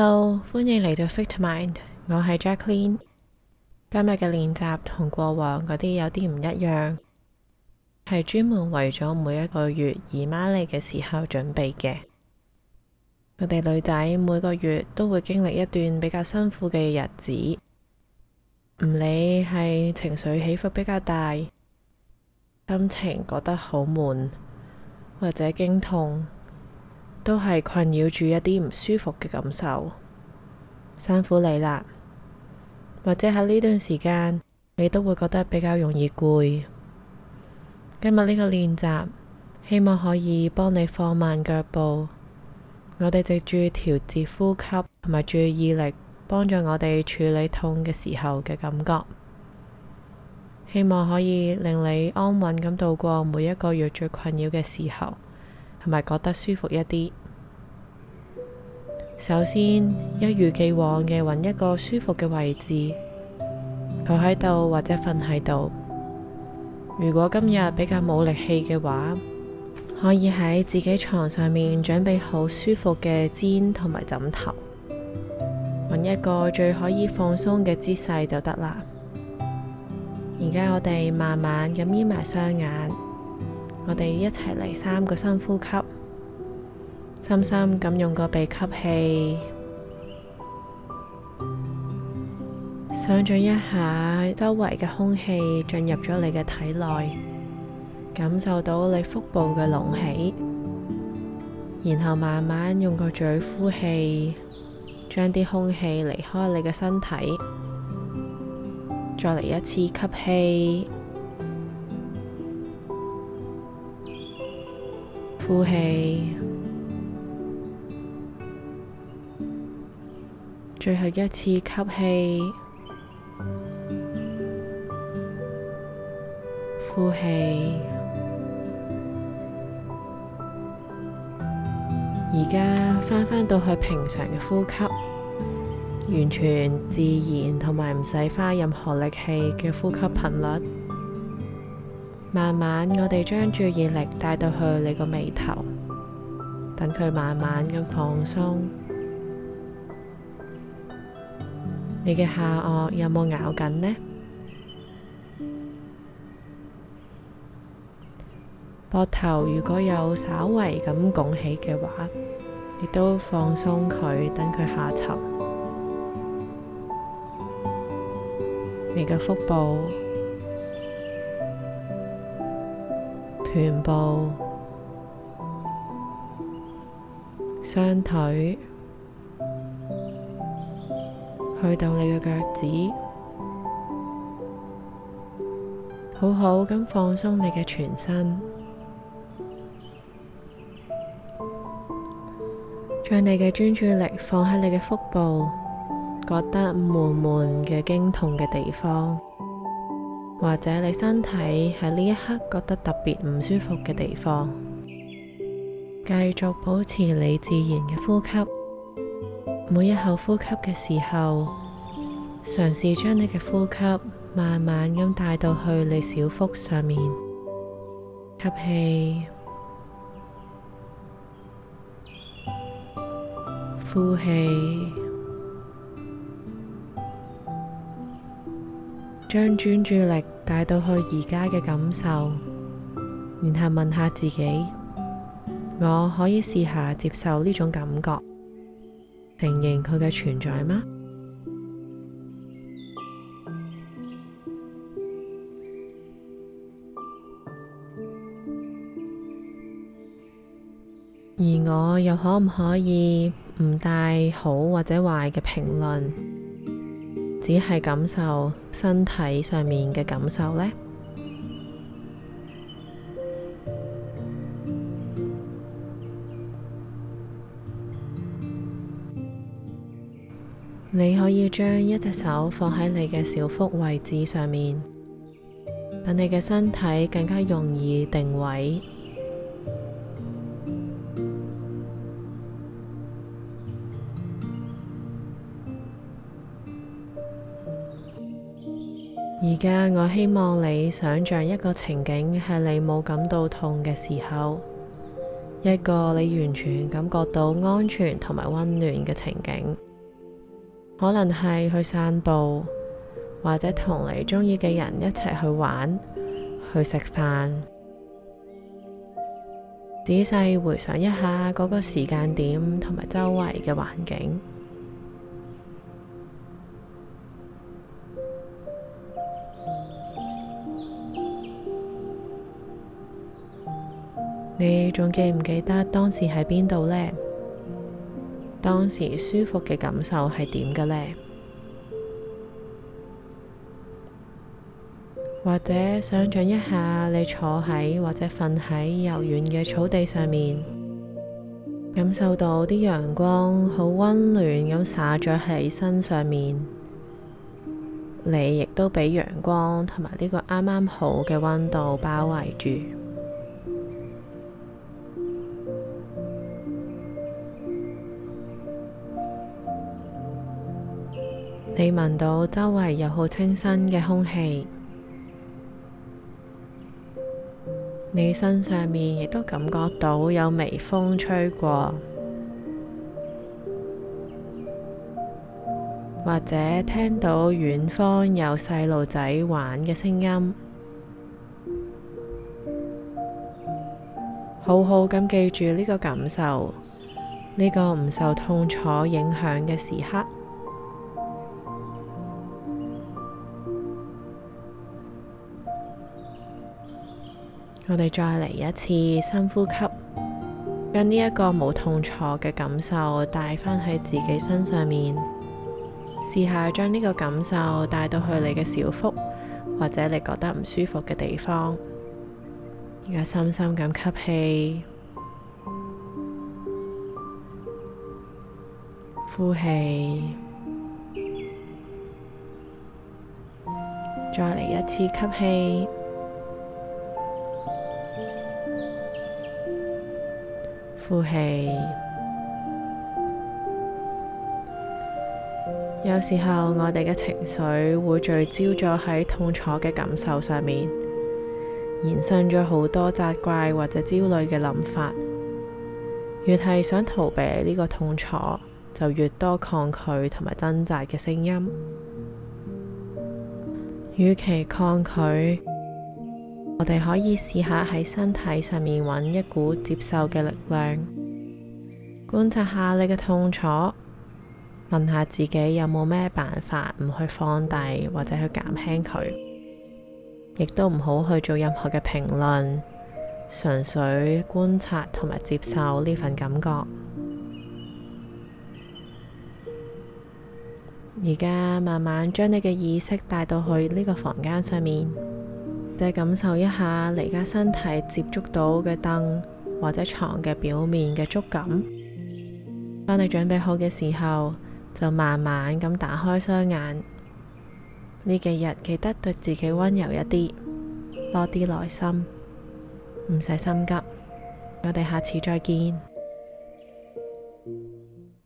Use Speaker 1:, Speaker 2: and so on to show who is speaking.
Speaker 1: Hello，歡迎嚟到 FitMind，我係 Jacqueline。今日嘅練習同過往嗰啲有啲唔一樣，係專門為咗每一個月姨媽嚟嘅時候準備嘅。我哋女仔每個月都會經歷一段比較辛苦嘅日子，唔理係情緒起伏比較大，心情覺得好悶，或者經痛。都係困擾住一啲唔舒服嘅感受，辛苦你啦。或者喺呢段時間，你都會覺得比較容易攰。今日呢個練習，希望可以幫你放慢腳步。我哋藉住調節呼吸同埋注意力，幫助我哋處理痛嘅時候嘅感覺。希望可以令你安穩咁度過每一個月最困擾嘅時候。同埋覺得舒服一啲。首先，一如既往嘅揾一個舒服嘅位置，坐喺度或者瞓喺度。如果今日比較冇力氣嘅話，可以喺自己床上面準備好舒服嘅氈同埋枕頭，揾一個最可以放鬆嘅姿勢就得啦。而家我哋慢慢咁眯埋雙眼。我哋一齊嚟三個深呼吸，深深咁用個鼻吸氣，想象一下周圍嘅空氣進入咗你嘅體內，感受到你腹部嘅隆起，然後慢慢用個嘴呼氣，將啲空氣離開你嘅身體，再嚟一次吸氣。呼氣，最後一次吸氣，呼氣，而家翻返到去平常嘅呼吸，完全自然同埋唔使花任何力氣嘅呼吸頻率。慢慢，我哋將注意力帶到去你個眉頭，等佢慢慢咁放鬆。你嘅下顎有冇咬緊呢？膊頭如果有稍為咁拱起嘅話，亦都放鬆佢，等佢下沉。你嘅腹部。臀部、雙腿，去到你嘅腳趾，好好咁放鬆你嘅全身，將你嘅專注力放喺你嘅腹部，覺得悶悶嘅，經痛嘅地方，或者你身體喺呢一刻覺得特別唔舒服嘅地方，繼續保持你自然嘅呼吸。每一口呼吸嘅時候，嘗試將你嘅呼吸慢慢咁帶到去你小腹上面，吸氣，呼氣。將專注力帶到去而家嘅感受，然後問下自己：我可以試下接受呢種感覺，承認佢嘅存在嗎？而我又可唔可以唔帶好或者壞嘅評論，只係感受。身體上面嘅感受呢，你可以將一隻手放喺你嘅小腹位置上面，等你嘅身體更加容易定位。而家我希望你想象一個情景，係你冇感到痛嘅時候，一個你完全感覺到安全同埋溫暖嘅情景，可能係去散步，或者同你鍾意嘅人一齊去玩、去食飯。仔細回想一下嗰個時間點同埋周圍嘅環境。你仲記唔記得當時喺邊度呢？當時舒服嘅感受係點嘅呢？或者想象一下，你坐喺或者瞓喺柔軟嘅草地上面，感受到啲陽光好溫暖咁灑咗喺身上面，你亦都俾陽光同埋呢個啱啱好嘅溫度包圍住。你聞到周圍有好清新嘅空氣，你身上面亦都感覺到有微風吹過，或者聽到遠方有細路仔玩嘅聲音。好好咁記住呢個感受，呢個唔受痛楚影響嘅時刻。我哋再嚟一次深呼吸，將呢一個冇痛楚嘅感受帶返喺自己身上面，試下將呢個感受帶到去你嘅小腹或者你覺得唔舒服嘅地方，而家深深咁吸氣，呼氣，再嚟一次吸氣。呼氣，有時候我哋嘅情緒會聚焦咗喺痛楚嘅感受上面，延伸咗好多責怪或者焦慮嘅諗法。越係想逃避呢個痛楚，就越多抗拒同埋掙扎嘅聲音。與其抗拒，我哋可以試下喺身體上面揾一股接受嘅力量，觀察下你嘅痛楚，問下自己有冇咩辦法唔去放大或者去減輕佢，亦都唔好去做任何嘅評論，純粹觀察同埋接受呢份感覺。而家慢慢將你嘅意識帶到去呢個房間上面。再感受一下，而家身體接觸到嘅凳或者床嘅表面嘅觸感。當你準備好嘅時候，就慢慢咁打開雙眼。呢幾日記得對自己溫柔一啲，多啲耐心，唔使心急。我哋下次再見。